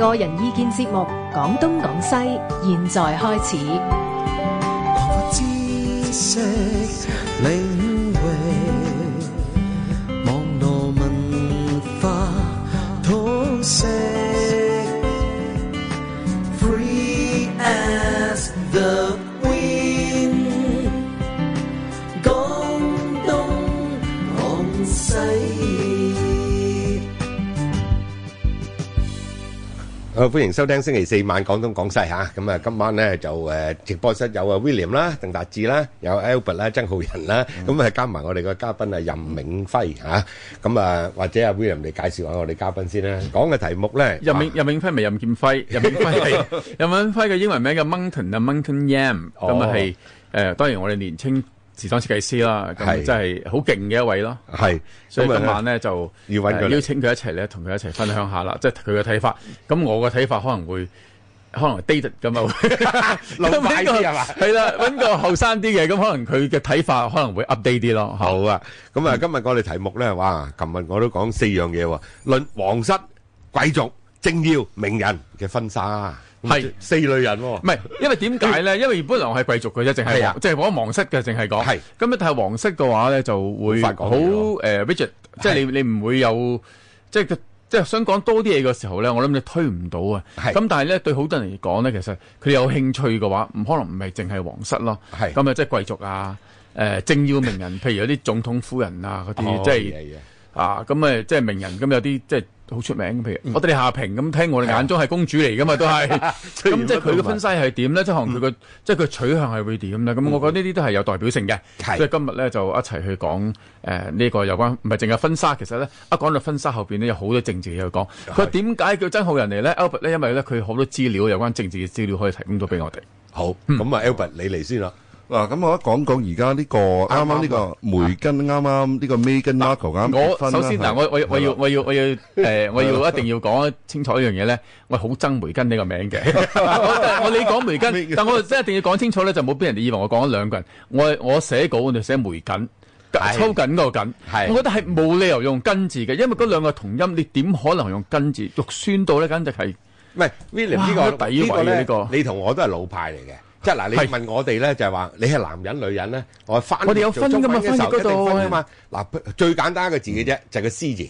個人意見節目《廣東廣西》，現在開始。 好、啊、歡迎收聽星期四晚廣東講世吓，咁啊，啊今晚咧就誒、呃、直播室有啊 William 啦、鄧達智啦、有 Albert 啦、曾浩仁啦，咁、嗯、啊加埋我哋個嘉賓啊任銘輝吓，咁啊，啊或者啊 William 你介紹下我哋嘉賓先啦。講嘅題目咧任、啊，任銘 任銘輝咪任劍輝，任銘輝係任銘輝嘅英文名叫 Monton 啊 Monton Yam，咁啊係誒，當然我哋年青。時裝設計師啦，咁真係好勁嘅一位咯。係，所以今晚咧就要邀請佢一齊咧，同佢一齊分享下啦，即係佢嘅睇法。咁我嘅睇法可能會，可能 dated 㗎嘛，老派啲係嘛？係啦，揾個後生啲嘅，咁可能佢嘅睇法可能會 update 啲咯。係。好啊，咁啊，今日我哋題目咧，哇！琴日我都講四樣嘢喎，論皇室貴族、政要、名人嘅婚紗。係四類人喎，唔係，因為點解咧？因為本來我係貴族嘅啫，淨係，即係講皇室嘅，淨係講。咁啊，但係皇室嘅話咧，就會好誒 rigid，即係你你唔會有，即係即係想講多啲嘢嘅時候咧，我諗你推唔到啊。咁但係咧，對好多人嚟講咧，其實佢哋有興趣嘅話，唔可能唔係淨係皇室咯。咁啊，即係貴族啊，誒，政要名人，譬如有啲總統夫人啊嗰啲，即係啊，咁啊，即係名人，咁有啲即係好出名嘅譬如，我哋夏平。咁聽，我哋眼中係公主嚟噶嘛都係，咁即係佢嘅分析係點咧？嗯、即係可能佢嘅即係佢取向係會點咧，咁我覺得呢啲都係有代表性嘅，即、嗯、所以今日咧就一齊去講呢、呃這個有關，唔係淨係婚紗。其實咧一、啊、講到婚紗後面咧有好多政治嘢去講。佢點解叫曾浩仁嚟咧？Albert 咧，因為咧佢好多資料有關政治嘅資料可以提供到俾我哋、嗯。好，咁啊 Albert、嗯、你嚟先啦。嗱，咁我一講講而家呢個啱啱呢個梅根，啱啱呢個 Meghan Markle 啱啱結婚啦。我首先嗱，我我我要我要我要誒，我要一定要講清楚一樣嘢咧，我好憎梅根呢個名嘅。我你講梅根，但我真係一定要講清楚咧，就冇俾人哋以為我講咗兩個人。我我寫稿我就寫梅根，抽緊嗰個緊，我覺得係冇理由用根字嘅，因為嗰兩個同音，你點可能用根字？肉酸到咧，簡直係唔係 William 呢個呢個呢個，你同我都係老派嚟嘅。即係嗱，你問我哋咧，就係話你係男人、女人咧，我翻我哋有分噶嘛？分嗰度啊嘛。嗱，最簡單一個字嘅啫，就係個詩字。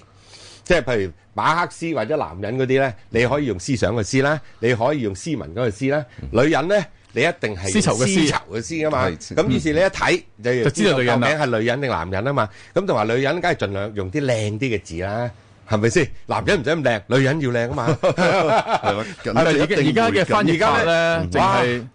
即係譬如馬克思或者男人嗰啲咧，你可以用思想嘅思啦，你可以用斯文嗰個斯啦。女人咧，你一定係絲綢嘅絲啊嘛。咁於是你一睇你就知道女人啦。名係女人定男人啊嘛？咁同埋女人，梗係盡量用啲靚啲嘅字啦，係咪先？男人唔使咁靚，女人要靚啊嘛。係咪而而家嘅翻譯法咧，淨係。